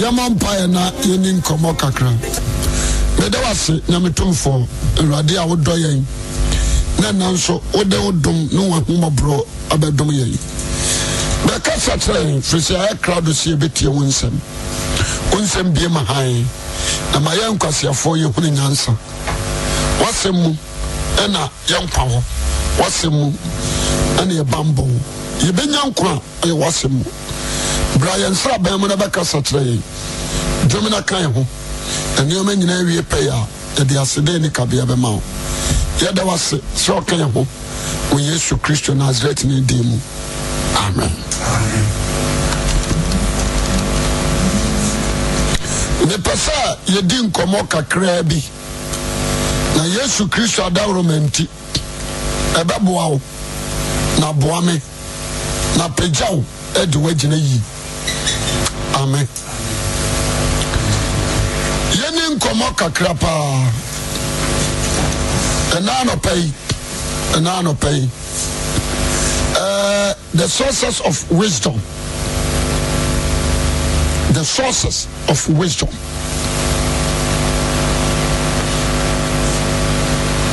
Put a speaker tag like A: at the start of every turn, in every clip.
A: yɛma mpaeɛ na yɛni nkɔmmɔ kakra meda wase nyametomfoɔ awurade a wodɔ yɛn na nna nso wode wo dom ne wahomɔborɔ abɛdom yɛn bɛkasa kyerɛ yɛn firi sɛ ayɛ kra do sɛ yɛbɛtie wo nsɛm wo nsɛm bie ma hann na ma yɛn nkwaseafoɔ yɛhunu nyansa wasɛm mu ɛna yɛnkwa hɔ wasɛm mu ɛna yɛbammɔ wo yɛbɛnya nkwa a ɛyɛ wasɛm mu Brian yɛn I'm bɛn to na bɛkasa kyerɛ yɛn dwom na kan ho nneɛma nyinaa wie pɛyɛ a yɛde aseden ne kabea bɛma wo yɛda wase sɛ ɔka yɛn ho wɔ yesu kristo nasaret ne din mu amen mepɛ sɛ yɛdi nkɔmmɔ kakraa bi na yesu kristo adaworoma nti ɛbɛboa wo na boa me na pagya wo adi Edward Jenny. amen yɛne nkɔmmɔ kakra paa ɛna anɔpa yi ɛna anɔpa the sources of wisdom the sources of wisdom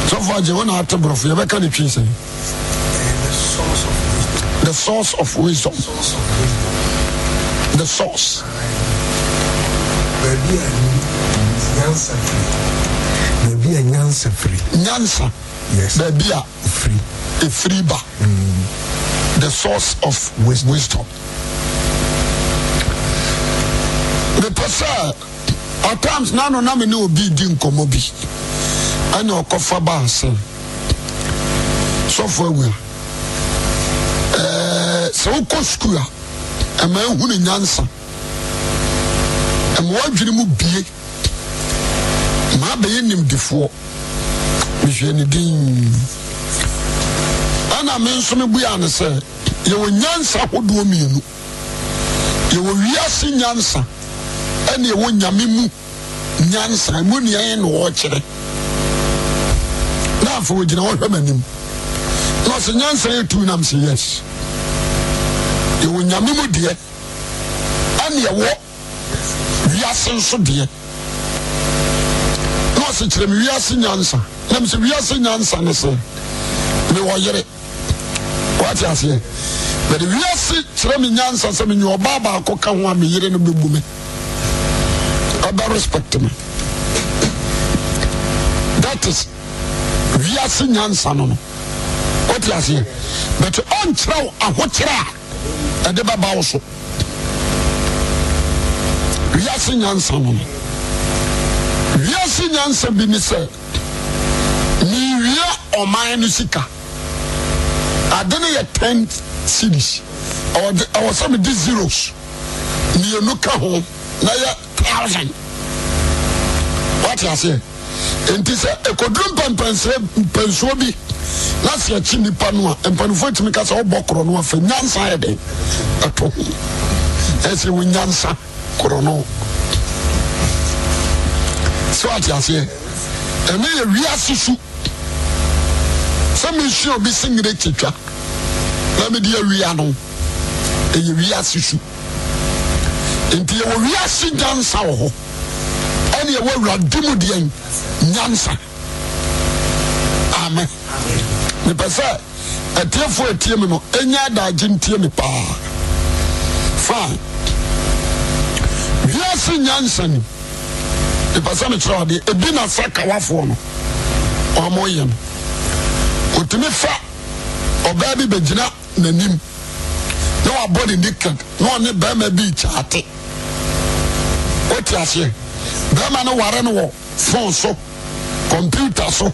A: sɔfo agye wɔn na ate borɔfo yɛbɛka ne twi sɛ the source of wisdom. the source. baabi a nyansa firi baabi a nyansa free. nyansa yes baabi ah. a firi efiri ba mm. the source of wisdom. wisdom. mepɛ sɛ at times nano na me ne obi di nkɔmmɔ bi ɛne ɔkɔfa baa sɛ sɔfo Eh, sɛ wokɔ skul a ɛma ehu ne nyansa ɛma wadwiri mu bie maa bɛyɛ nimdifoɔ mehwɛ ne din ɛna me nso me bua ne sɛ yɛwɔ nyansa ahodoɔ mmienu yɛwɔ wiase nyansa ɛna yɛwɔ nyame mu nyansa mu nea yɛn na wɔrekyerɛ na afɔ wɔgyina wɔhwɛ m'anim na ɔsɛ nyansa yɛ tu nam sɛ yes ɛwɔ nyame mu deɛ ɛne ɛwɔ wiase nso deɛ na ɔse kyerɛ me wiase nyansa nam sɛ wiase nyansa ne sɛ mewɔ yere wate aseɛ bɛde wiase kyerɛ me nyansa sɛ menyɛ ɔbaa baakɔ ka ho a meyere no bɛbu me ɔbɛ respect me that is wiase nyansa no no wote aseɛ bɛte ɔnkyerɛ wo ahokyerɛ a ɛde bɛba wo so wiase nyansa no no wiase nyansa bi ne sɛ ɔman sika ade no yɛ 10 cities zeros ho na thousand wate aseɛ sɛ ɛkɔduru na sɛ akyi nnipa no a mpanimfoɔ atumi ka sɛ wobɔ korɔ no afa nyansa yɛ den ɛto ho ɛsɛ wo nyansa korɔ no sɛ wate aseɛ ɛne yɛ wiase su sɛ mesua obi sengere kyetwa na mede awia no ɛyɛ wiase su nti yɛwɔ wiase nyansa wɔ hɔ ɛne yɛwɔ awurade mu deɛn nyansa amen mepɛ sɛ atiefoɔ atie me no enya adagye ntie me paa fine wiase nyansa ni mepɛ sɛ mekyerɛ ɔdeɛ ebi na sa kawafoɔ no ɔmoyɛ no ɔtumi fa ɔbaa bi bɛgyina n'anim na wabɔ ne naked na ɔne bɛrima bi kyaate wote aseɛ bɛrima no ware no wɔ fon so kɔmputa so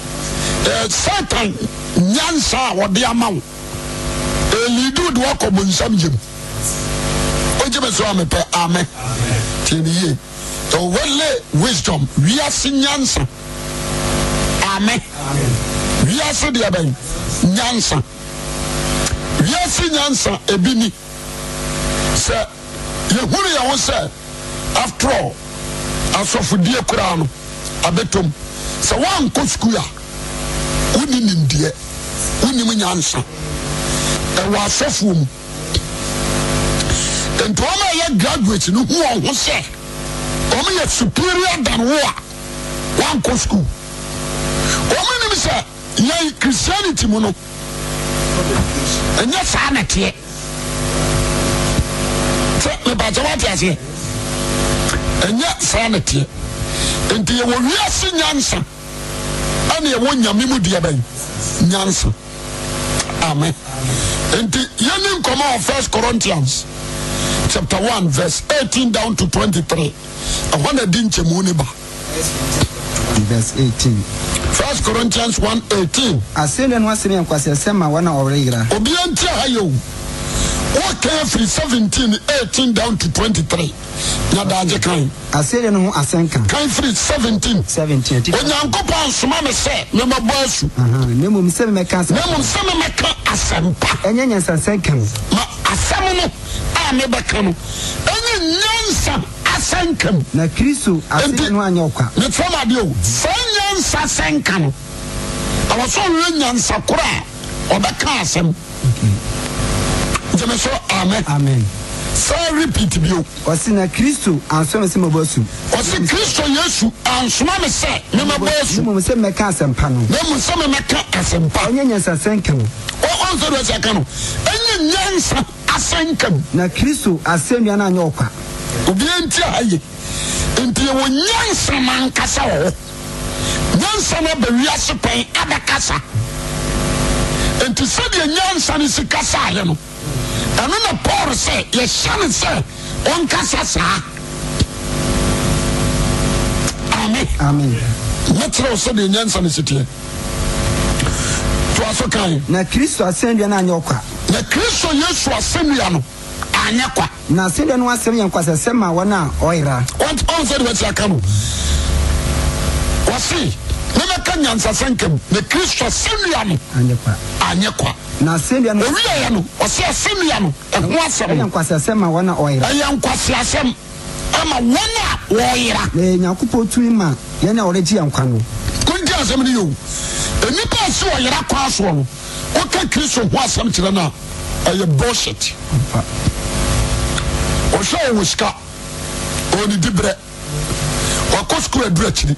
A: Eh, satan nyansa a ɔde ama wo ɛliduu de waakɔbonsam gye m ɔgyeme sɛ amepɛ ame tine ye ɛwole wisdom wiase nyansa ame wiase deɛ bɛn nyansa wiase nyansa ɛbi ni sɛ yɛhuro yɛ wo sɛ afterall asɔfodie kuraa no u wonni nimdeɛ wonnim nyansa ɛwɔ asɔfoɔ mu nti ɔma ɛyɛ graduate no hu ɔn ho sɛ ɔmo superior than wo a wankɔ school ɔmo nim sɛ yɛn christianity mu no ɛnyɛ saa na teɛ sɛ mepakyɛ woate aseɛ ɛnyɛ saa na teɛ nti yɛwɔ wiase nyansa ɛne ɛwɔ nyame mu deɛ bɛn nyansa amen nti yɛne nkɔmmɔ wɔ first corinthians chapter one, verse eighteen down to 23 ɛhɔ na di nkyɛmu ne ba verse eighteen. first corinthians
B: one eighteen. asɛnnua no asɛm yɛ nkwaseɛsɛm ma wɔn a wɔreyera obiara ntia ha yɛ o
A: wɔkan firi seventeen eighteen down to twenty three na daagye kan. aseere no ho asɛn kan. kan firi seventeen. seventeen ti. onyankopɔn soma mi sɛ ne ma bɔ
B: esu. ne mu nsɛm mɛ ka asɛm. ne mu nsɛm mɛ ka asɛmpa. ɛnyɛ nyansasɛn kan. ma asɛm no a ne bɛ ka no ɛnyɛ nyansa asɛn kan. na kristu aseere no anyɛ ɔkwa. ne fɛn ma de o sɛ nyansa asɛn kan. awɔsɔn wo ye nyansa kura a ɔbɛ ka asɛm. Okay gyeme so amen. amen. saa repeat bio. ɔsi na kristo ansoma sɛ mabɔ su.
A: ɔsi kristo yesu ansoma mi sɛ ne ma bɔ esu. ne
B: mu sɛ mɛka asɛmpa no. ne mu sɛ mɛka asɛmpa. ɔnyɛ nyansa sɛnkɛm.
A: ɔn sɛ dɔ sɛ no ɛnyɛ nyansa
B: asɛnkɛm. na kristo asɛnnua no anyɛ ɔkwa. obiara nti a ayɛ
A: nti yɛ nyansa ma nkasa wɔ hɔ nyansa no bɛ wiase pɛn abɛkasa nti sɛdeɛ nyansa ni si kasa ayɛ no ɛno na paul sɛ yɛhyɛ no sɛ ɔnkasa saa ame mɛkyerɛ wo sɛdeɛ nyansa no siteɛ
B: toa so kae na kristo asɛnnua no anyɛ ɔkwa na kristo yesu asɛnnua no anyɛ kwa na asɛnnua no asɛm yɛ nkwasɛsɛ ma wɔn a ɔyera
A: ɔnsɛ de wɔkyerɛ ka no wɔse mebɛka nyansasɛ nkam na kristo asɛnnua no anyɛ kwa owiɛyɛ no ɔsɛ asɛnnua no ɛho asɛm ɛyɛ
B: nkwaseasɛm ama wɔn a wɔyera nyankopɔn tumi ma yɛne a wɔregye yɛ nkwa no
A: konti asɛm no yɛo nnipa a si wɔyera kwa soɔ no woka kristo ho asɛm kyerɛ no a ɛyɛ bullshit ɔhwɛ ɔwɔ sika ɔne berɛ wakɔ sukuu aduru akyiri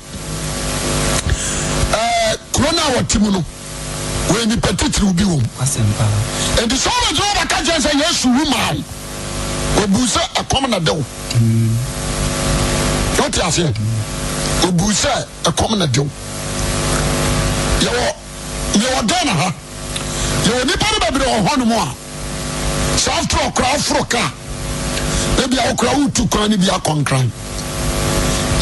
A: kuro no a wɔte mu no wɔyɛ nipa titiriw bi wɔ mu ɛnti sɛ wobɛgyina wobɛka kyerɛ sɛ yesu wu maa wo ɔbu sɛ ɛkɔm na dew mm. wote aseɛ ɔbu sɛ ɛkɔm na dew yɛwɔ yɛwɔ ghana ha yɛwɔ nipa no bɛbrɛ wɔ hɔ no mu a sɛ after ɔkora aforo kaa ebia wokora wotu kwan no bi akɔnkran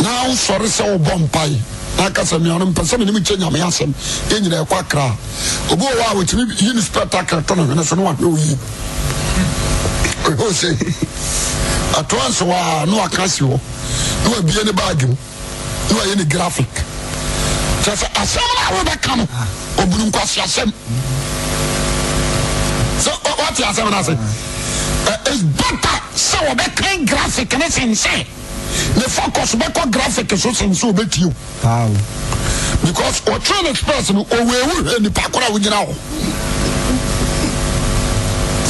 A: na wosɔre sɛ wobɔ mpae aka sɛ nuanom mpɛ sɛ menem kyɛ nyame asɛm yɛ nyina ɛkɔ akra obi wɔ a wɔtumi yi ne spɛt akra to no hwene so ne wahwɛ oyi ɛhɔ sɛ atoa nso wɔ a ne waka si hɔ ne wabie ne baage mu ne wayɛ ne graphic kyerɛ sɛ asɛm no a wobɛka no ɔbunu nkwase asɛm sɛ wate asɛm no ase it's better sɛ wɔbɛkan graphic ne sensɛ ne focus bɛkɔ graphic so sen sɛ wobɛtie o because ɔtwere train express no ɔwɛwu hwɛ nipa koro a wogyina hɔ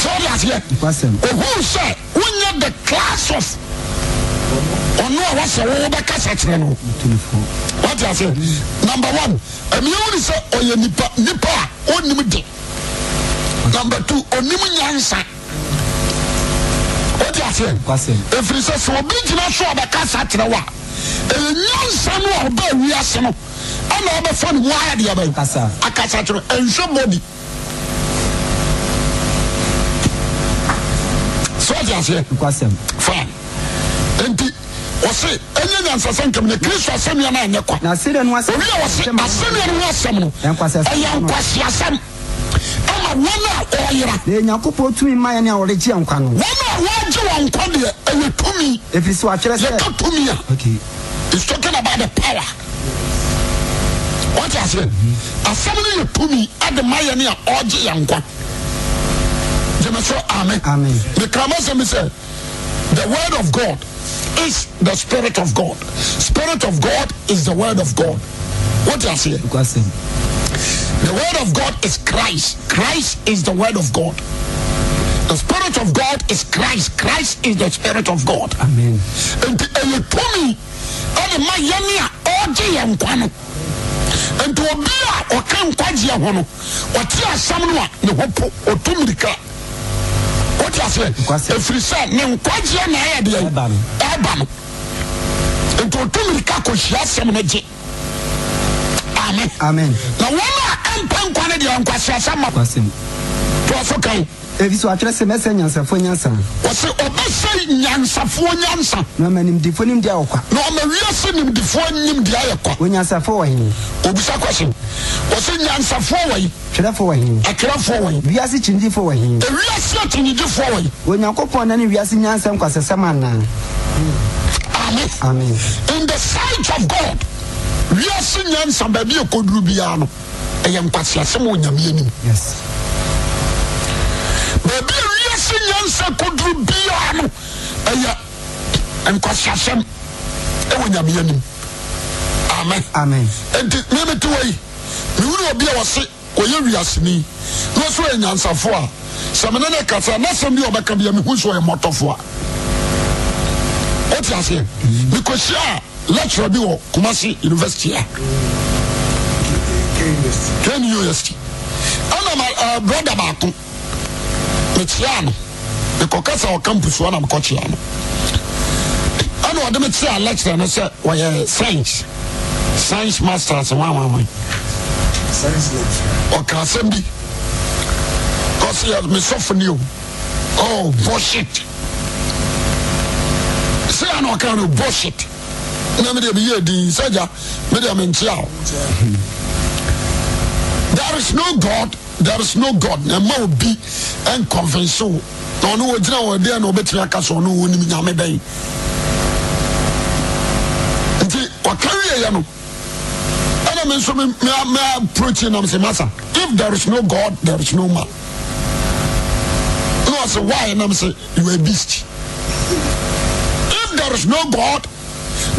A: sɛde aseɛ ɔhuu sɛ wonyɛ the class of ɔno a wasɛ wo wobɛkasa kyerɛ no wate aseɛ number one ɛmeɛ wo ne sɛ ɔyɛ nipa nipa a ɔnnim de number two ɔnim nyansa aseɛ ɛfiri sɛ sɛ obi gyina so ɔbɛka sa kyerɛ wo a ɛyɛ nyansa no a ɔba awiase no ɛna ɔbɛfa ne waayɛ deɛ bɛyɛ akasa kyerɛ ɛnhwɛ bɔdi sɛ ɔte aseɛ fine enti wɔse ɛnyɛ
B: nyansasɛ nkɛm ne kristo asɛmea no ɛnyɛ kwa obi a wɔse asɛmea no ho asɛm no ɛyɛ
A: nkwaseasɛm a wɔn a wɔyera.
B: deɛ nyankopɔn tumi ma yɛn ni a wɔde gye nkwa no. wɔn a
A: wɔagye wɔn nkwa deɛ ɛyɛ tumi.
B: efiri so atwerɛ sɛ yɛka tumi a. okay.
A: it's talking about the power. wɔte aseɛ asɛm no yɛ tumi ade ma yɛn ni a ɔgye yɛn nkwa. jẹmẹ sọ amen. amen. mekrama sẹ mi sẹ the word of God is the spirit of God spirit of God is the word of God. wɔte aseɛ. The word of God is Christ. Christ is the word of God. The spirit of God is Christ. Christ is the spirit of God. Amen.
B: a ne ne na Amen. Amen. na wɔn e a ɛmpɛ nkwa no deɛ ɔnkwaseasa ma toɔfo kan ebi so atwerɛ sɛ mɛsɛ nyansafoɔ nyansa wɔsɛ ɔbɛsɛ nyansafoɔ nyansa e na ɔma nimdifoɔ nimde a wɔkwa na ɔma wiase nimdifoɔ nimde ayɛ kwa onyansafoɔ wɔ hene obisa kɔhye wɔsɛ nyansafoɔ wɔ yi twerɛfoɔ wɔ hene atwerɛfoɔ wɔ yi wiase kyindifoɔ wɔ hene
A: ewiase akyindifoɔ wɔ
B: yi onyankopɔn na ne wiase nyansa nkwasɛsɛm anaa amen amen
A: in the sight of god wiase nyansa baabi ɛkɔduru biara no ɛyɛ nkwaseasɛm wɔ nyame anim baabi a wiase nyansa kɔduru biara no ɛyɛ nkwaseasɛm ɛwɔ nyame anim amen enti memete wɔ yi mewuri obi a wɔse ɔyɛ wiaseni na ɔso yɛ nyansafo a sɛ mene ne kasa na sɛm bi ɔbɛka bia mehu so ɔyɛ mmɔtɔfo a wote aseɛ mm-hmm. mekɔhyia a lecturer bi wɔ kumasi university a kane university ɛna ma broda baako mekyea no mekɔka sɛ ɔcampus hɔ na mekɔkyea no ɛna ɔde me kyea lecturer no sɛ wɔyɛ science science masters wawawan ɔka asɛm bi kɔsɛ mesɔfo ne o oh bullshit sɛ ana ɔka no bullshit na mede meyɛ din sɛgya mede menkyea wo there is no god there is no god na ɛma obi ɛnconvince wo na ɔne wɔgyina wɔ deɛ na wɔbɛtumi aka sɛ ɔne wɔnim nyame bɛn nti ɔka wieɛ no ɛna me nso meaprochi nam sɛ masa if there is no god there is no man na ɔse why nam sɛ you a beast if there is no god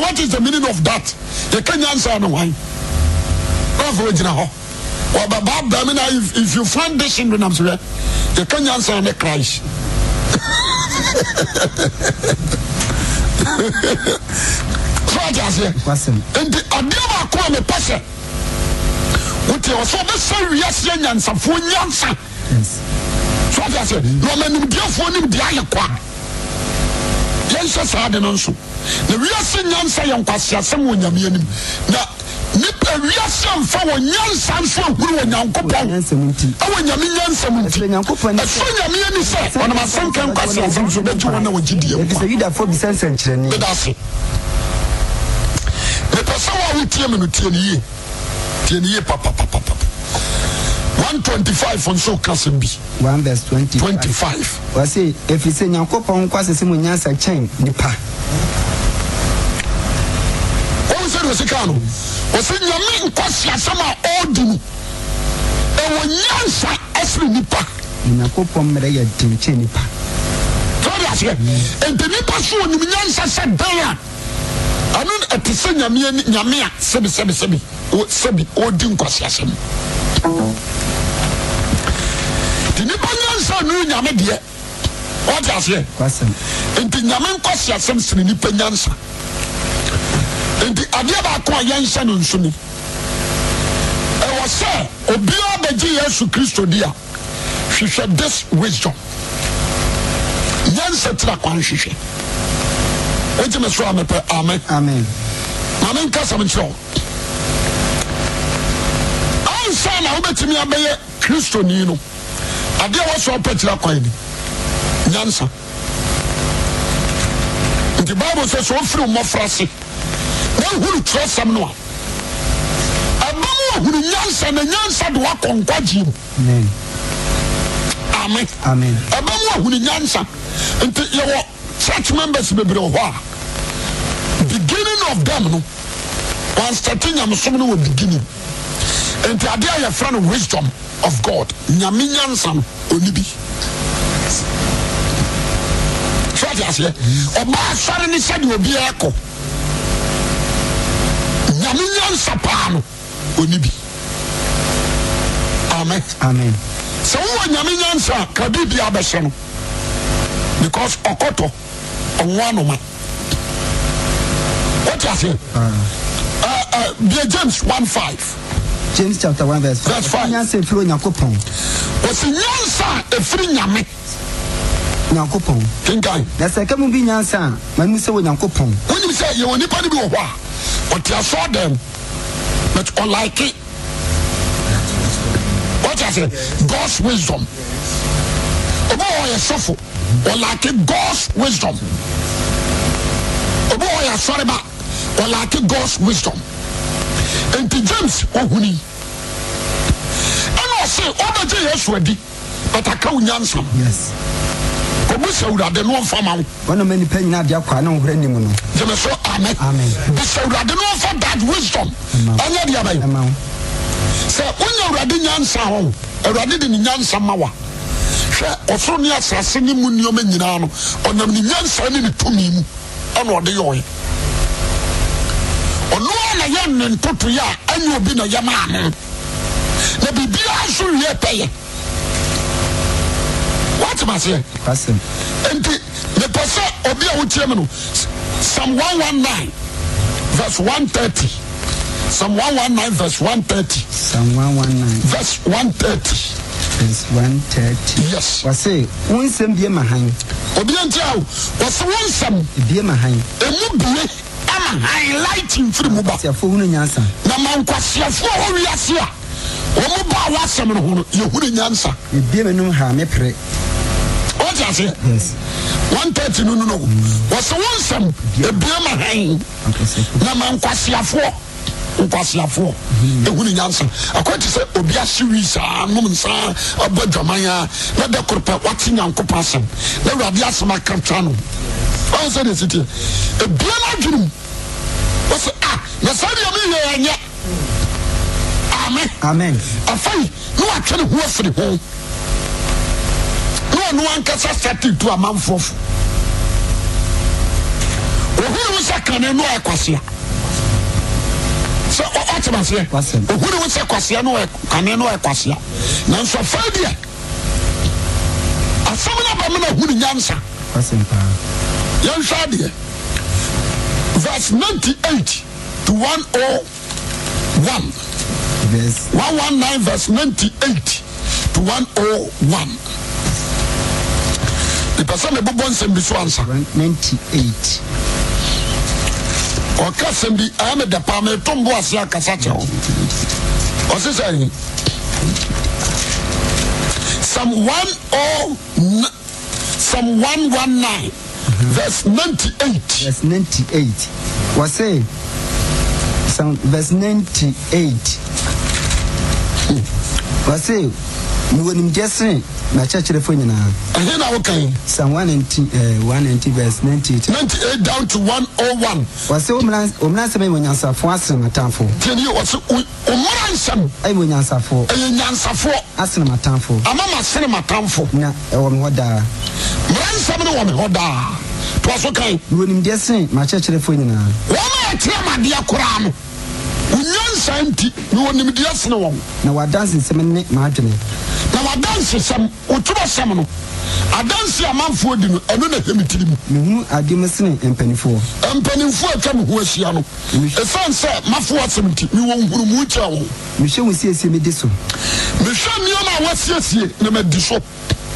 A: what is the meaning of that yɛka nyansa no hwan ɔfo wɔgyina hɔ ɔbabaabaa I mean, if you find this in nam sɛ yɛka nyansa ne christ so ate aseɛ nti adeɛ baako that mepɛ sɛ wote ɔ sɛ wobɛsɛ wiaseɛ yɛnhyɛ saa de no nso na wiase nyansa yɛ nkwaseasɛm wɔ nyame anim na nipa wiase mfa wɔ nyansa nso ahuru wɔ nyankopɔn ɛwɔ nyame nyansam nti ɛso nyame ani sɛ ɔnam asɛnka nkwaseasɛm so bɛgye wɔ na wɔgyidiɛ mbeda se mepɛ sɛ wɔ a wotie me no tie no yie tie no yie papapapapa one twenty five nso kasa bi. one verse twenty five twenty five. wɔsi
B: efi sɛ nyankopɔn nkɔ asese mu nyansa kyɛn nipa.
A: wɔn sɛ de osika no wɔsi nyame nkɔsi asɛm a ɔɔdi mu ɛwɔ nyansa ɛsiri nipa.
B: nyankopɔn mmerɛ yɛ den kyɛn nipa.
A: tọ́lá aseɛ nti nipa so wɔ nim nyansa sɛ bɛn a ɛnu ɛte sɛ nyame a sɛbi sɛbi sɛbi sɛbi ɔɔdi nkɔsi asɛm. Ni pen yansan nou yon yamed ye Wad yas ye Ente yamen kwa siyasem si ni pen yansan Ente avye bakwa yansan yon sou ni E wase Obyo beji yesu kristou diya Shise desi wejjon Yansetila kwa yon shise Oye di e meswa ame pe Amen Amen Amen kwa sa men syon A yonsan a oube ti mi yabe ye Kristou ni yon nou adeɛ wɔsɔ pɛkyerɛ kwan ni nyansa nti bible sɛ sɛ ɔfiri mmɔfra se na hunu twerɛsɛm no a ɛbɛm ahunu nyansa na nyansa de woakɔ nkwagyeɛ mu ame ɛbɛm ahunu nyansa nti yɛwɔ church members bebree wɔ hɔ a beginning of them no wanstɛte nyamesom no wɔ beginning nti adeɛ a yɛfrɛ no wisdom of god nyame nyansa no ɔni bi sɛte aseɛ ɔbaa sɔre ne sɛdeɛ obiara kɔ nyame nyansa paa no ɔni bi amen amen sɛ wowɔ nyame nyansa a ka biribia bɛhyɛ no because ɔkɔtɔ ɔnwo anoma wote aseɛ bia ah. uh, uh, james 1 5 james chapter one verse five. verse five
B: nyansa efiri onyankopɔn.
A: wɔsi nyansa efiri nyame.
B: nyankopɔn. kinkan. na sɛ kɛmu bi nyansa a mɛnu sɛ onyankopɔn.
A: wọnyi sɛ yɛ wɔ nipa ni bi wɔ hɔ a ɔte asɔ dɛm but ɔlaike wɔte ase god's wisdom obi wɔ yɛ sɔfo ɔlaike god's wisdom obi wɔ yɛ asɔreba ɔlaike god's wisdom nti james ɔhuni ɛna ɔse ɔbɛgye yesu adi but aka wo nyansa kɔbu sɛ awurade no ɔmfa ma wo
B: ɔnama nipa nyina ade akɔa ne wohorɛ nim no
A: gyeme so amen de sɛ awurade no ɔmfa that wisdom ɛnyɛ deɛ bɛyɛ sɛ wonya awurade nyansa hɔ awurade de ne nyansa ma wa hwɛ ɔsoro ne asase ne mu nneɔma nyinaa no ɔnam ne nyansa ne ne tumi mu ɛna ɔde yɛɔyɛ yɛ ne ntotoyɛ a ɛnyɛ obi na yɛ maa na biribiara nso wie pɛyɛ watem aseɛ nti mepɛ sɛ obi a wotie mu no psalm 119 verse 130 psalm 119 verse 130 psalm 119 verse
B: 130 verse 130 yes wɔse wo nsɛm bie ma han obia ntia o wɔse wo nsɛm bie ma han bie ama han light mfiri mu ba na ma nkwasiafoɔ wɔ wiase a wɔn ba a
A: wɔasɛm no ho no yɛhunu nyansa ebie me nom ha me pere wɔte aseɛ one thirty no no wɔsɛ wɔn nsɛm ebie ma han na ma nkwasiafoɔ nkwasiafoɔ mhm. ehunu nyansa akɔnti sɛ obi ase wi saa nom nsa abɔ dwaman a na dɛ koro pɛ wate nyankopɔ asɛm na awurade asɛm akatra no ɔn sɛ de si tie ebie no mu na saa deɛ meyɛ ɛnyɛ amen amen afei ne watwe ne ho afiri ho ne ɔno ankasa sɛte to amanfoɔ fo ohunu wo sɛ kane no ɔyɛ kwasea sɛ ɔte maseɛ ohunu wo sɛ kwasea no kane no ɔyɛ kwasea nanso afei deɛ asɛm no aba me na hunu nyansa yɛnhwɛ adeɛ verse 98 to 101. Verse 119 verse 98 to 101. The person the Bible send so answer. 98. ɔka sɛm bi ɛyɛ me dɛpa me to mbo ase akasa kyɛ wo ɔse sɛ sam sam 119
B: verse 98 verse 98 wɔse seven verse ninety eight wɔse mewɔ nimgye sene makyerɛkyerɛfoɔ nyinaa ɛhe na wokan psalm 190 uh, 190 verse 98 98 down to 101 wɔse ɔmmra nsɛm ɛyɛ onyansafoɔ asene matamfoɔ tiani
A: wɔse ɔmmra
B: nsɛm ɛyɛ onyansafoɔ ɛyɛ nyansafoɔ asene matamfoɔ ama masene matamfoɔ na ɛwɔ eh, me hɔ daa mmra nsɛm no wɔ me hɔ daa toa so kan mewɔ nimgye sene makyerɛkyerɛfoɔ nyinaa kyerɛ ma
A: adeɛ koraa no onyansa nti na wɔnimdeɛ sene wɔn na wadansesɛm ne maadwene na wadansesɛm wotwerɛsɛm no adanse amanfoɔ di no ɛno na hɛm tiri mu mehu ade mu sene mpanimfoɔ mpanimfoɔ atwa me ho ahyia no
B: ɛsiane sɛ mafoɔ asɛm nti mewɔ nhunumu kyerɛ wo mehwɛ wo siesie medi so mehwɛ nneɔma a wɔasiesie na madi so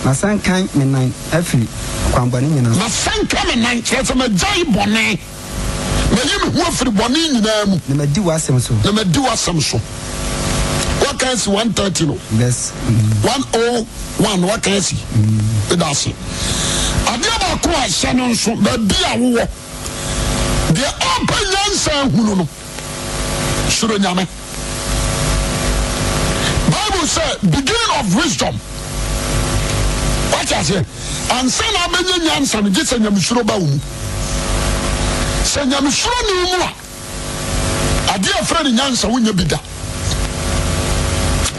B: masankan me nan afiri
A: kwanbɔne nyinaa masanka me nan kyerɛ sɛ magyae bɔne mayi me ho afiri bɔne nyinaa mu na madi w'asɛm so na madi w'asɛm so wakan si one thirty no yes one oh one wakan si ɛda mm. ase adeɛ baako a ɛhyɛ no nso baabi a wowɔ deɛ ɔmpɛ nyansa ahunu no soro nyame bible sɛ beginning of wisdom wakyɛ aseɛ ansa na abɛnya nyansa no gye sɛ nyamesuro ba wo mu sɛ nyamesoro ne wo mu a adeɛ afrɛ ne nyansa wonya bi da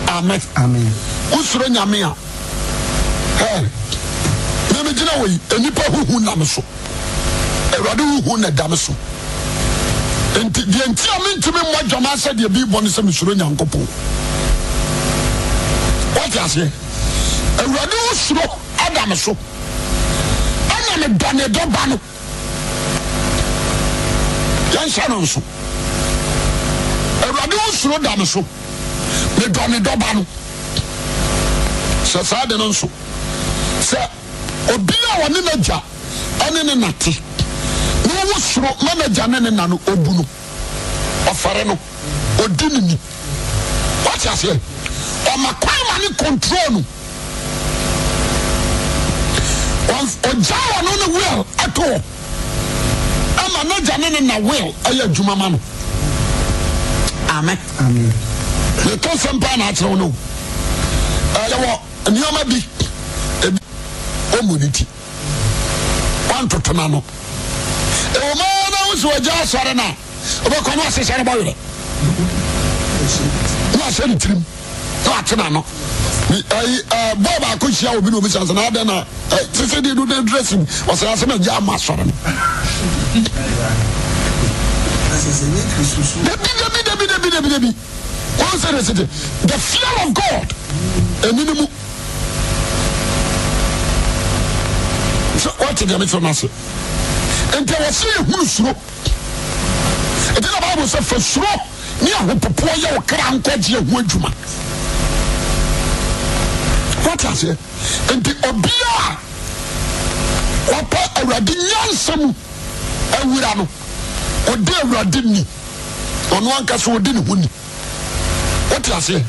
A: amen wosuro nyame a memegyina wei nnipa huhu nam so awurade huhu na dam so nti deɛ nti a mentumi mmɔ dwama sɛ deɛ biribɔ no sɛ mesuro nyankopɔn wate aseɛ awurade wo suro adam so ɛna medɔ dɔ ba no yɛnhyɛ no nso awurade wo suro da me so medɔ ne dɔba no sɛ saa de no nso sɛ obi a wɔne n'agya ɛne ne nate na wɔwɔ soro na n'agya ne ne na no obu no ɔfɛre no odi ne ni wate aseɛ ɔma kwan ma ne kɔntrol no ɔgya wɔ no ne wura ato hɔ a n'agya ne ne na will ɛyɛ adwuma ma no amen yɛtɔ nsɛm paa na akyerɛ wo no yɛwɔ nneɔma bi ebi ɔmu ne ti wantoto na no ɛwɔ ma na wo sɛ wɔgya asɔre no a wobɛkɔ ne wasehyɛ no bɔwerɛ ne wahyɛ ne tirim na wate na no bɔɔ baako hyia wɔ bi na obi sɛ sɛ na adɛn na sesɛ deɛ no na dressing wɔsɛ asɛm agya ama asɔre no de the fear of God. A minimum. So what did from us? And there was a who And then I Bible a for What has it? And the Obia, what young awura no ɔde awurade ni ɔno ankasa ɔde ne ho ni wote aseɛ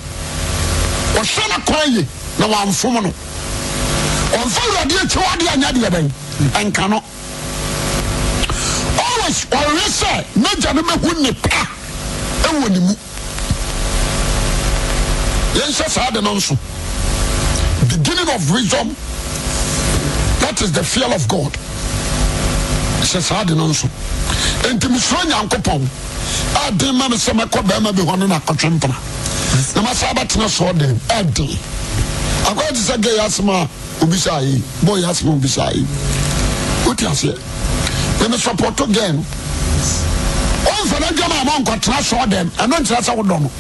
A: ɔhwɛ no kwan ye na wamfom no ɔmfa awurade akyi wade anyɛ deɛ bɛn ɛnka no always ɔwe sɛ n'agya no bɛhu ne pa ɛwɔ ne mu yɛnhyɛ saa de no nso beginning of wisdom that is the fear of god hyɛ saa de no nso enti mesuro nyankopɔn aden ma me sɛ mɛkɔ bɛrima bi hɔ no na akɔtwe mpena na masa bɛtena soɔ den aden akɔyɛ te sɛ gɛ yɛ asɛm a obisa yi bɔɔ yɛ asɛm a obisa yi wote aseɛ na mesɔpɔto gɛ no ɔmfa no adwama a ma nkɔtena soɔ den ɛno nkyerɛ sɛ wodɔ no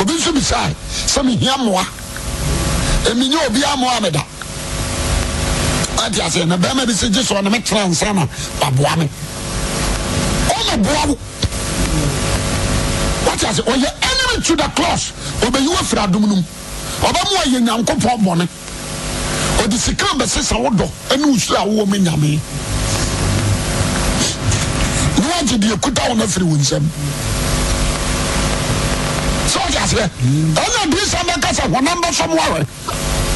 A: obi nso bisae sɛ mehia mmoa ɛminyɛ obi amoa meda ate aseɛ na bɛrima bi sɛ gye soɔ ne mekyerɛ nsa na waboa me ɔna boa wo wate ase ɔyɛ enemy to the cross ɔbɛyi wo afiri adom no mu ɔbɛmu ɔyɛ nyankopɔn bɔne ɔde sika bɛsesa wo dɔ ne nsuo a wowɔ me nyame na wagye deɛ kuta wo no afiri wo nsam sɛ ɔte aseɛ ɛna bi bɛka sɛ hɔnam bɛsɔm wawɛ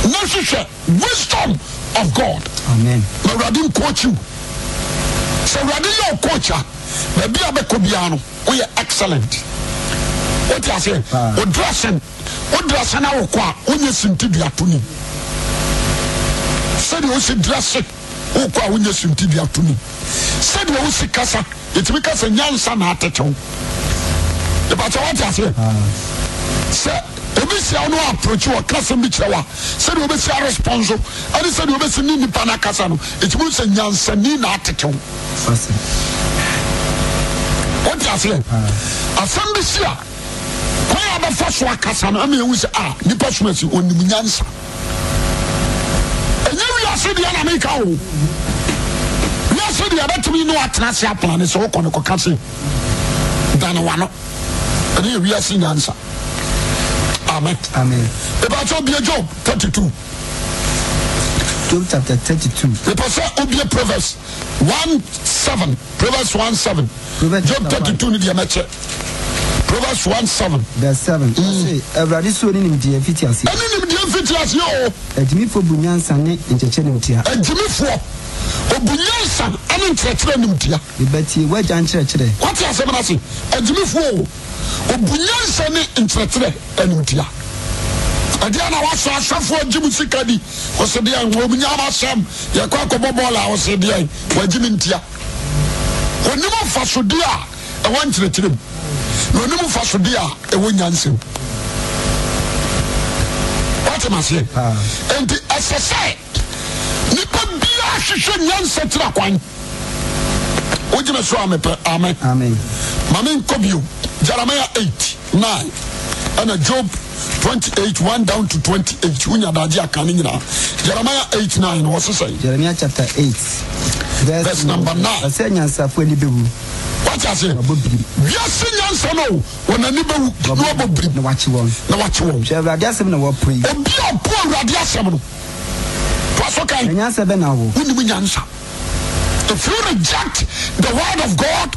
A: na hwehwɛ wisdom of God. Amen. Awurade coach you. So, awurade yɛ o coach a, baabi a bɛkɔ biara no, woyɛ excellent. Wote aseɛ, o dressing, o dressing a wokɔ a, wonyɛ sintidua to nim. Sɛdeɛ wosi dressing, wokɔ a wonyɛ sintidua to nim. Sɛdeɛ wosi kasa, yɛtumi kasa nyansa na atetew. Ìbàtà wote aseɛ. Ah. Sɛ obi si awo no approach wɔ kasa bi kyerɛ wa sɛde obesi aresponso ɛne sɛde obesi ne nipa no akasa no ɛtumi sɛ nyansani na atetew wote aseɛ asɛm bi si a kwan a bɛfa so akasa no ama yɛhu sɛ a nipa soma si ɔnim nyansa ɛnyɛ wiase deɛ na meka wo wiase deɛ bɛtumi ne woatena ase apla ne sɛ wokɔ ne kɔka se dane wa no ɛne yɛ wiase nyansa amen. amen. ìbátan bíi job thirty two. Job chapter thirty-two. Ìpàṣẹ obi Proverbs one seven Proverbs one seven. Proverbs Job thirty-two ni di ẹ̀mẹ̀ kyẹ. Proverbs one seven. Verse seven. Ọ̀sẹ̀ Ẹ̀wúrọ̀dì mm. sọ ní
B: nìmdìyẹ fìtì àṣẹ. Ẹni nìmdìyẹ fìtì àṣẹ o. Ẹ̀dìmífọ̀ bùnyánsa ní nkyẹ̀kyẹ̀ nìmdìyà. Ẹ̀dìmífọ̀
A: obùnyánsa ẹni nkyẹ̀kyẹ̀ nìmdìyà. Ìbẹ̀tì wẹ́jà nkyẹ̀kyẹ̀. Wọ́n ti àṣẹ mi náà sè, ẹ̀dìmífọ̀ obunyansa ne nkyerɛkyerɛ ɛnum tia ɛdeɛ na wasɔ asɔfoɔ gye mu sika di wɔsɛ deɛ wɔmunyam asɛm yɛkɔ akɔbɔ bɔɔl a wɔsɛ deɛ wɔagye me ntia wɔnim mfasodeɛ a ɛwɔ nkyerɛkyerɛ mu na ɔnim mfasodeɛ a ɛwɔ nyansa mu wɔte maseɛ ah. enti ɛsɛ sɛ nipa biara hwehwɛ nyansa tira kwan wogyina so amepɛ amen mame nkɔ bio jeremiah 8 9 a job 28 1 down to 28 wonya daagye are ne nyinaa jeremiah 8 9 What's se sɛ Jeremiah
B: chapter 8 verse, verse number 9 ɔsɛ nyansafo ani bɛwu you ase wiase nyansa no wɔnani bɛwu wabɔ birim na wakye wɔn
A: so if you reject the word of god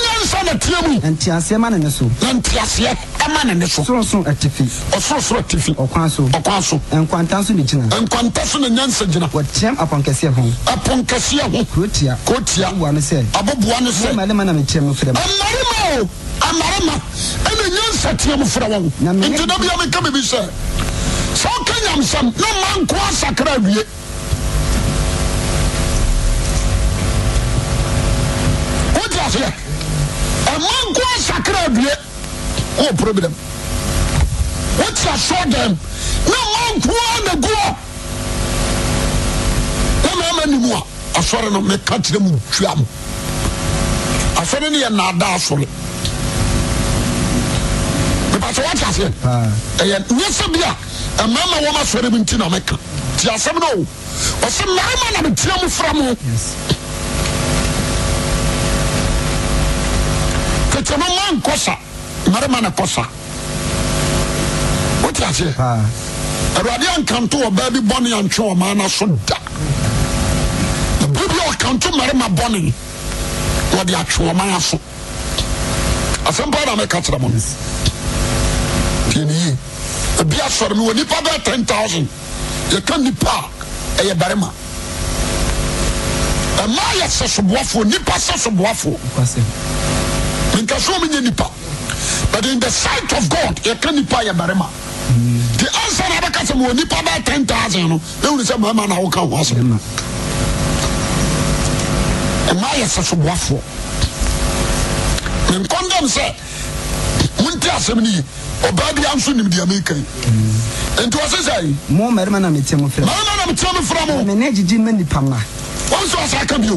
B: nsa na tie mu. ntiaseɛ ma ne ne so. na
A: ntiaseɛ
B: ɛma ne ne so. sorosoro atifi. ɔsorosoro atifi. ɔkwan so. ɔkwan so. nkwanta so ne gyina. nkwanta so ne nyansa gyina. wɔtiam apɔnkɛseɛ ho. apɔnkɛseɛ ho. kurotia. kurotia. aboboa ne sɛ. aboboa ne sɛ. mmarima na me
A: tiam fira mu. mmarima o mmarima ɛna nyansa tiam fira wɔn. nti dabi a meka bibi sɛ sɛ ɔka nyamsam na ma nko asakra awie. wote aseɛ. sakra awie wɔ problem wote asɔ dɛm na mankoa na guɔ na maama nim a asɔre no meka kyerɛ mu tua mo asɔre no yɛ naadaa asɔre mepasɛ wote aseɛ ɛyɛ nyɛ sɛ bi a ɛmama wɔm asɔre mu nti na meka nti asɛm no o ɔsɛ maama na metia mu fra mo oh. yes. sɛ mama nkɔ sa mmarima ne kɔ sa wote aseɛ awurade ankanto ɔbaa bi bɔne antwe ɔmaa no so da ɛberɛ bia ɔkanto mmarima bɔne wɔde atwe ɔmaa so asɛmpa na mɛka kyerɛ mo no tiɛniyi ebi asɔre mi wɔ nipa bɛɛ ten thousand yɛka nipa a ɛyɛ barima ɛmaa yɛ sɛ soboafoɔ nipa sɛ soboafoɔ nka so menyɛ nipa but in the sight of god yɛka nipa yɛ barima the answer na bɛka sɛ mewɔ nipa bɛɛ 10000 no ɛhunu sɛ mmarima na woka ho asɛ ɛma yɛ sɛ soboafoɔ menkɔndɛm sɛ monte asɛm no yi ɔbaa bia nso nim deɛ yi enti wɔ se sɛ mo mmarima na metie mo
B: frɛ mmarima na metie mo frɛ mo mene gyegye ma nnipa ma
A: wɔn sɛ ɔsɛ aka bio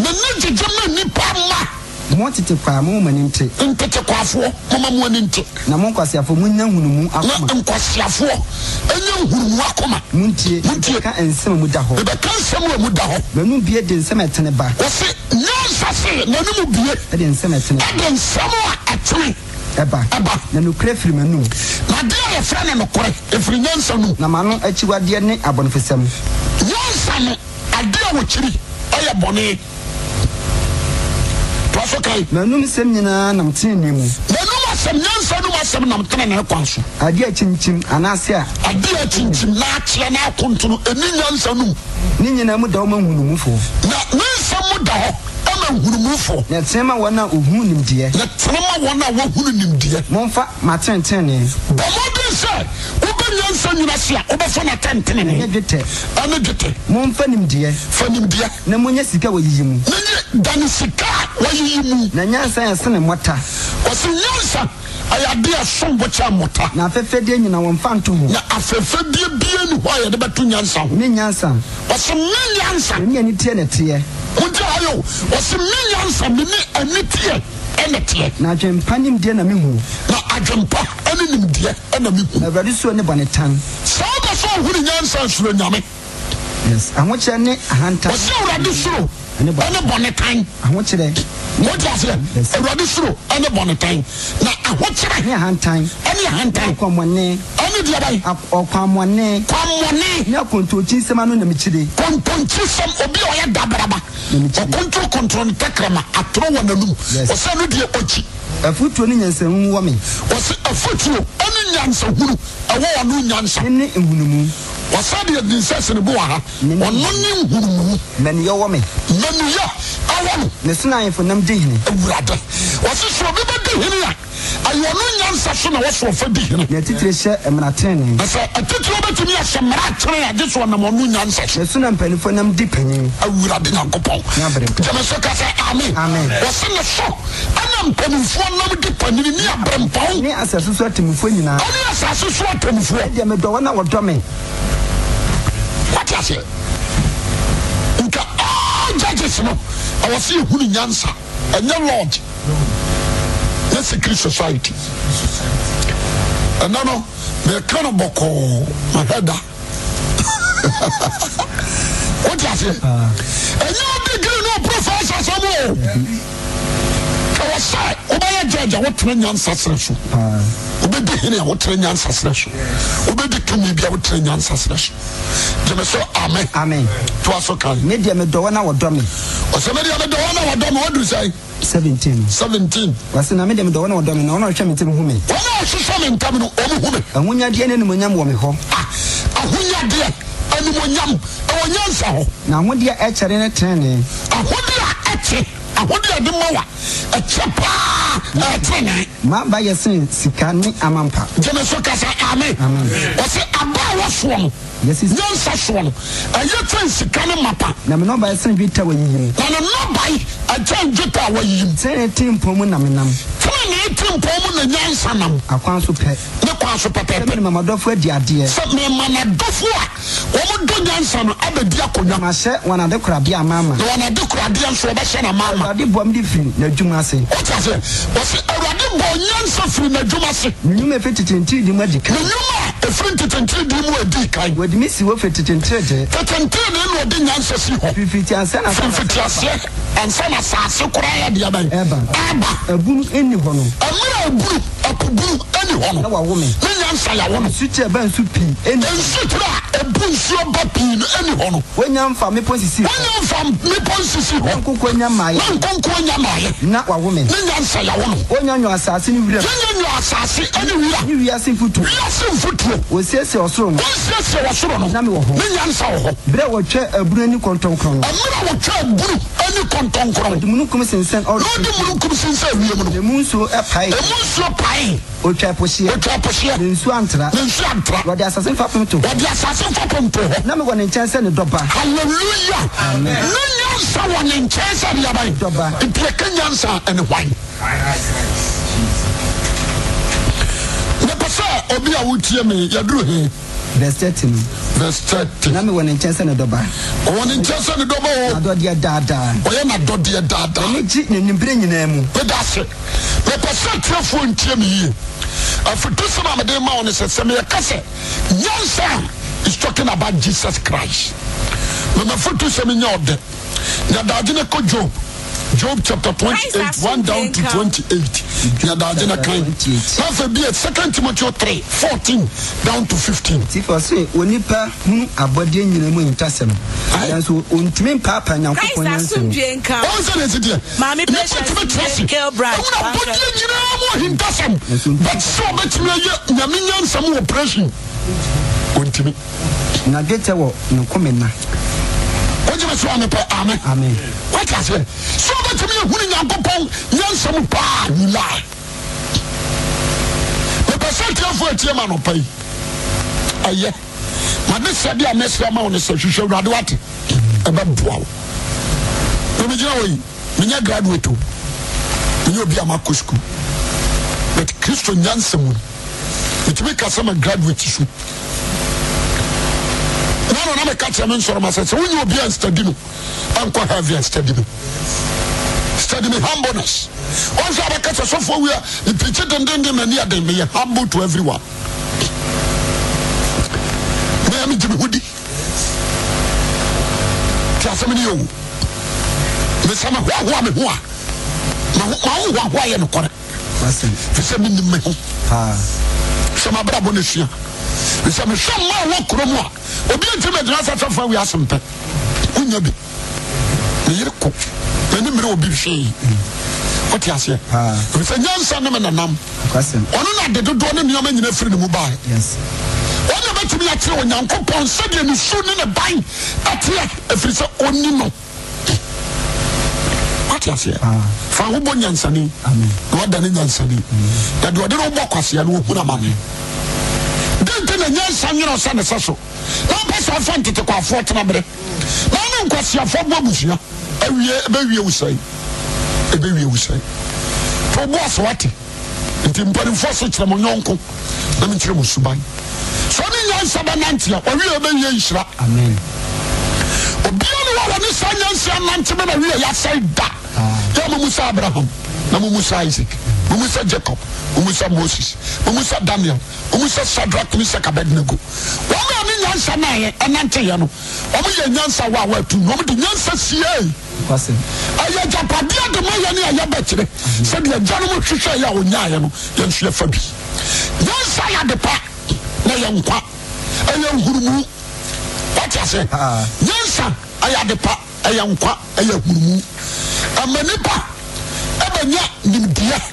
A: mene gyegye ma nnipa ma
B: mo tete kwa mo mo ni nte ntete kwa fo mo ma mo ni nte na mo nkwasi afo mo nya hunu mu akoma na nkwasi afo enya hunu mu akoma mo ntie ntie ka ensem mu da ho be ka ensem mu da ho be nu bie de nsem etene ba wo se nya nsase na nu mu bie e de nsem etene e, e de nsem a etene ɛba ɛba na nukuri efiri mɛ num. na adi a yɛfrɛ ne nukuri efiri nyansa num. na maa no akyiwadeɛ ne abɔnifisɛm.
A: nyansa no adi a wɔkyiri ɛyɛ bɔnee
B: afokan. nanum sɛm nyinaa nam tenene mu.
A: nanum asɛm nyansa
B: num asɛm nam tenene kwan so. adeɛ kyimkyim anaase a. adeɛ kyimkyim n'akyerɛ n'akontono ɛni nyansa num. ne nyinaa mu da hɔ ma nhunumufo. na ne nsɛm mu da hɔ ama nhunumufo. na tẹnma wɔn a ohun nimdeɛ. na tẹnma wɔn a wɔhun nimdeɛ. mɔmfa ma tɛntɛnni.
A: bɔmɔdi. sɛ
B: wobɛnyansa nyina se a wobɛfa no atantenene ɛne dwetɛ momfa nimdeɛ fa nimdeɛ na monyɛ sika wɔyiyi mu nenye dane sika a mu na nyansa yɛ mmɔta wɔse nyansa ayade ɛsom wokyɛ mmɔta na afɛfɛdeɛ nyina wɔmfa nto ho na afɛfɛdeɛ bia ne hɔ a yɛde bɛto nyansa ho me nyansa wɔse me nyansa mene ani teɛ ne teɛ wogya ha yo me nyansa mene ani teɛ ɛne teɛ na adwempa nimdeɛ na mehu na adwempa ɛne nimdeɛ ɛna mi awurade suro ne bɔne tan. saa bɛ fɔ ohun nyansa nsuro nyame. ahokyerɛ ne ahantan. wɔsi awurade suro ɛne bɔne tan. ahokyerɛ. wọ́n ti awurade soro ɛne bɔnnetan na ahokyerɛ ɛne ahantan ɛne ahantan ɔkɔmɔne obi a ɔyɛ dabaraba ɔkontoro kontoro ne tɛkrɛma atoro wɔ n'anum ɔsɛn no deɛ ɔkyi afutuo ne nyansahunu wɔ me wɔse afutuo ɛne nyansahunu ɛwɔ ɔno nyansa ne nhunumu wɔsadeɛ di nsɛ sene bo ha ɔno ne nhunumu maniyɛ wɔ me maniyɛ awɔ no ne sena ayɛfo nam gye hene awurade wɔse
A: sɛ obi bɛdi hene a ayiwa no
B: nyansa so na wɔsɔfo di hene. yɛ titiri hyɛ mmara tɛnni. ɛsɛ
A: atitiri bɛtumi ahyɛ mmara tɛnni agye
B: so ɔnam ɔno nyansa so. yɛsu na mpanyinfo nam di panyin. awurade nyankopɔn.
A: jɛmɛsɛ kasa
B: amen. amen. wɔsi ne so ɛna mpanyinfo nam di panyin ni abɛnpɔn. ne asase so atɛmufo nyinaa. ɔne asase so atɛmufo. ɛdiɛ mi dɔwɔ na wɔdɔ mi.
A: wati aseɛ nka ɔɔ ah, judges no ɔwɔ si ehunu nyansa ɛnyɛ lɔɔji secret society ɛna no mɛka no bɔkɔɔ mahwɛ da wote aseɛ ah. ɛnyɛ wodegre ne ɔprofo asasɛm o ɛwɔ sɛ wobɛyɛ gyagya wotena nyansaserɛ so ah. wobɛdi hene a wotena nyansaserɛ so wobɛdi tumi bi a wotena nyansaserɛ so gyeme sɛ amen. amen. tó a so kan. mi diẹ mi dɔwɔ na wɔ dɔ mi. ɔsɛ mi diɛ mi na wɔ
B: dɔ mi o dun seventeen. seventeen. wasi na mi diɛ mi dɔwɔ na wɔ dɔ mi na ɔna ɔhwɛ mi ti mi hu mi. wɔn a ɔsoso mi ntam no ɔmu hu mi. ahunyadeɛ ne numonyam wɔ mi hɔ. ahunyadeɛ enumonyam ɛwɔ nyansa hɔ. na ahodeɛ ɛkyɛre ne tɛnɛn. ahodeɛ ɛkyɛ ahodeɛ de ma wa ɛkyɛ paa ɛtɛnɛn. maa ba yɛ sɛ eh, sika ne amampa. kasa amen. amen. wɔsi abaawa soɔ nyansa soɔ no ɛyɛ twɛn sika ne mapa na me nɔbae sɛn dwetɛ wɔyiyim na ne nɔbae ɛkyɛn dwetɛ a wɔyiyim sɛne te mpɔ mu nam nam tenenee te mpɔ mu na nyansa nam akwan so pɛ ne kwan so pɛpɛpɛ mamadɔfo adi adeɛ sɛ memanadɔfo a wɔmo dɔ nyansa no abɛdi akonnwa mahyɛ wanade koradeɛ amama na wanade koradeɛ nso wɔbɛhyɛ no amama awurade boam de firi n'adwuma ase wotia sɛ wɔse awurade bɔ nyansa firi n'adwuma se. nyuma efe titintiri di mu adi kan. nyuma efiri titintiri di mu adi kan. wɔde mi si wofe titintiri de. titintiri ni na ɔde nyansa si hɔ. fifiti ase na sase. fifiti ase ansa na sase kura yɛ deɛ bɛn. ɛba ɛba. eni hɔ no. ɛmira ebunu bu ɛni hɔ no ne nyansa yà wɔ no nsutire bɛ nsu pii ɛni nsutire ebu nsuo ba pii ɛni hɔ no wɔnyɛ nfa mipɔ nsisi hɔ wɔnyɛ nfa mipɔ nsisi hɔ nankonko nya maa yɛ nankonko nya na wa wɔ mi ne nyansa yà wɔ no wɔnyɛ nyɔ asase ni wura wɔnyɛ
A: nyɔ asase
B: ɛni wura ni wia si nfutuo wia si nfutuo wɔsiesie ɔsoro no wɔsiesie ɔsoro no na mi wɔ hɔ ne nyansa wɔ hɔ bere wɔtwɛ aburo ni kɔntɔnkɔn ɛmira wɔtwɛ aburo ɛni kɔntɔnkɔn ɔdi munukun sinsɛn ɔdi munukun sinsɛn ewiem no emu nsuo otwa pohyia otwa pohyia ne nsuo antra ne nsuo antra wɔde asase nfapem to wɔde asase nfapem to hɔ na mewɔ ne nkyɛn sɛ ne dɔba hallelujah amen ne nyansa wɔ ne nkyɛn sɛ ne yaba dɔba
A: nti ɛka nyansa ɛne hwan mepɛ sɛ obi a wotie me yɛduru he verse 13. no. verse thirty.
B: na mi wɔ ne nkyɛn sɛ ne dɔba. ɔwɔ ne nkyɛn sɛ ne dɔba o. n'adɔdeɛ daadaa. ɔyɛ n'adɔdeɛ daadaa.
A: ɛni ji ne nimbire nyinaa mu. bɛ da se mɛpɛ sɛ tiɛfo ntiɛ mi yie afutu sɛ maa mi de ma wɔn sɛ sɛ mi yɛ kɛsɛ yansa is talking about Jesus Christ mɛmɛ futu sɛ mi nyɛ ɔdɛ nyadaadi ne ko job job chapter 28 1 down to 28 That's a bit. second timothy 3 14 down to 15 tifa se onipa hunu abɔdeɛ
B: nyina mu ntasɛm nanso ɔntumi mpaapa nyankopɔn nyansɛm
A: ɔn sɛ ne ɛsideɛ nnipa tumi trase ɛwona abɔdeɛ nyinaa mu ahintasɛm but sɛ ɔbɛtumi ayɛ nyame nyansɛm wɔ prɛsin
B: ɔntumi na dwetɛ wɔ
A: ne so ɔne pɛ ame wate aseɛ sɛ wobɛtumi yɛhunu nyankopɔn nyansɛm paa nyila mepɛ sɛ tiafoɔ atie ma nɔpa yi ɛyɛ made sɛde a mesrɛ ma wo ne sɛ hwehwɛ awurade wate ɛbɛboa wo memigyina wɔ yi menyɛ graduate o menyɛ obi a makɔ sukuu but kristo nyansɛm mu metumi ka sɛ ma graduate so no na meka kyerɛ me nsɔrɔma sɛ sɛ wonyɛ obi a nstadi no ankɔ heavy a nstadi no study me humbleness ɔnsɛ abɛka sɛ sɔfoɔ wi a mepirikyi dendenden mani aden meyɛ humble to everyone mɛyɛ megye me ho di nti asɛm ne yɛwu mesɛ mahoahoa me ho a mawohoahoa yɛ nokorɛ fi sɛ menim me ho sɛ mabrabɔ no sua sɛ mehwɛ mma a wɔ kuro mu a obi ntiri mɛgyina sɛ sɛfa wi ase mpɛ wonya bi meyere ko mani mmerɛ obi hwee wote aseɛ ɛfisɛ nyansa ne me nanam ɔno na de dodoɔ ne nneɔma nyina firi ne mu baɛ ɔne bɛtumi akyerɛ onyankopɔn sɛdeɛ ne su ne ne ban ɛteɛ ɛfiri sɛ ɔni no wote aseɛ fa wobɔ nyansani na wadane nyansani na deɛ ɔde ne wobɔ kwaseɛ no wɔhunu ama no nyansa nyerɛ sɛ ne sɛ so na sɛ ɔfa ntetekwafoɔ tena berɛ na ne nkwasiafoɔ bo abusua awie ɛbɛwie wo sɛe ɛbɛwie wo sɛe fa obu ase nti mpanimfoɔ so kyerɛ mo nyɔnko na menkyerɛ mo suban sɛ ɔne nyansa bɛnante a ɔwie bɛwie nhyira obia ne wɔ wɔ ne saa nyansa nante bɛ na wie yɛasɛe da ah. yɛ momu sɛ abraham na momu sɛ isak mumu sɛ jacob mumu sɛ moses mumu sɛ daniel mumu sɛ sadrak mumu sɛ kabednego wɔn a ne nyansa na yɛ ɛnante yɛ no wɔn yɛ nyansa wa wa tu wɔn de nyansa sie ɛyɛ japadeɛ de ma yɛ ne ɛyɛ bɛkyerɛ sɛdeɛ gya no mu hwehwɛ yɛ a wɔnyaayɛ no yɛn nso yɛ fa bi nyansa yɛ ade pa na yɛ nkwa ɛyɛ nhurumu wɔte ase nyansa ɛyɛ ade pa nhurumu ɛmɛ nipa ɛbɛnya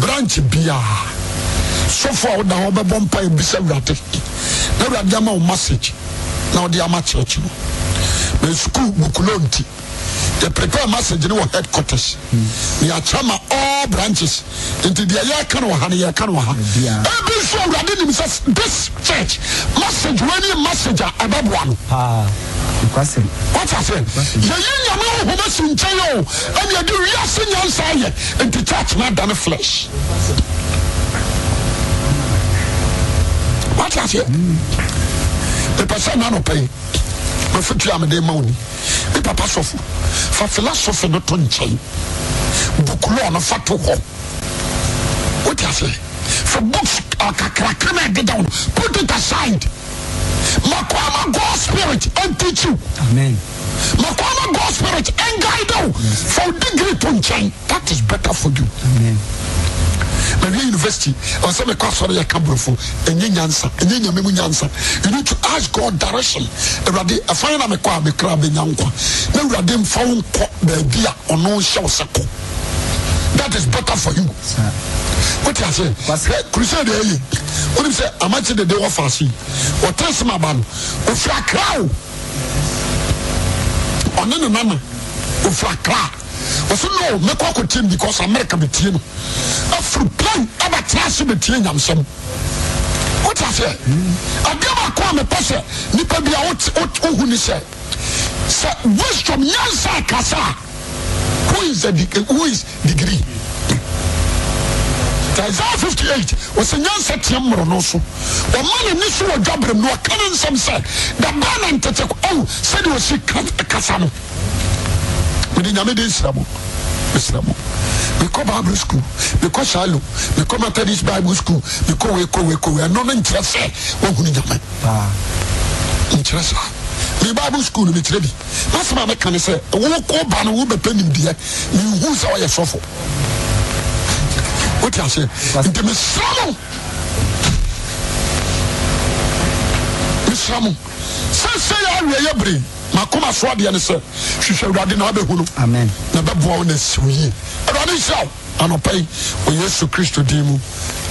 A: branch Bia, sɔfo a woda hɔ bɛbɔ mpa ebisa awurade na awurade ama wo message na ɔde ama kyerɛkyerɛ no na sukuu bukulo nti yɛ prepare message no wɔ headquarters na hmm. yɛakyerɛ ma all branches nti deɛ yɛka no wɔ ha no yɛka no wɔ ha ebi nso awurade nim sɛ this church message wani message a ɛbɛboa no. nokwasɛm wata sɛ yɛyɛ nyame honhom asi nkyɛn o ɛne yɛde wiase nyansa yɛ enti church no adane flesh wata aseɛ mepɛ sɛ pay anɔpɛi mafatua mede ma wo ni me papa sɔfo fa philosophy no to nkyɛn bukulɔɔ no fa to hɔ wote aseɛ fa books akakraka no ɛdeda wo put it aside Makwama god spirit and teach you amen Makwama god spirit and guide you yes. for degree to nkyɛn that is better for you amen mɛwie university ɔwɔ sɛ mekɔ asɔre yɛ kaborɔfo ɛnyɛ nyansa ɛnyɛ nyame mu nyansa you need to ask god direction awurade ɛfan na mekɔ a mekra bɛnya the na awurade mfa wo nkɔ baabi a ɔno nhyɛ wo sɛ kɔ that is better for you What wote ase hwɛ crusade ayi you say? A mati de dewa fansi. O ten seman ban. O fwa kra ou. O nen yon nan. O fwa kra. O se nou, me kwa kwa ten di kos Amerika be ten. A fwa plan abatrasi be ten yon msen. O ta fe. A den wakwa me pase. Ni pe be a out, out, out ou ni se. Se, wist yon yon sa kasa. Kou yon se, kou yon se, di gri. Isaiah 58 wɔsɛ nyansa teɛ mmorɔ no so wɔma n'ani so wɔ dwaberɛ mu na wɔka ne nsɛm sɛ dabaa na ntɛtɛ ɔw sɛdeɛ ɔsi kasa no mede nyame de nhyira mo mesrɛ mo mekɔ bible school mekɔ shalo, mekɔ methodist bible school mekɔ weikɔweikɔwe ɛno no nkyerɛ sɛ woahunu nyame nkyerɛ saa me bible school no mekyerɛ bi masɛm a meka ne sɛ wokɔ ba no wobɛpɛ nimdeɛ menhu sɛ wɔyɛ sɔfo wote ase nti mesra mo mesra mo sɛsɛ yɛ awieyɛ bere makoma so adeɛ ne sɛ hwehwɛ awurade na wabɛhu no na bɛboa wo na asiw yie awurade nhyira wo anɔpɛ yi wɔ yesu kristo din mu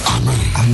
A: amen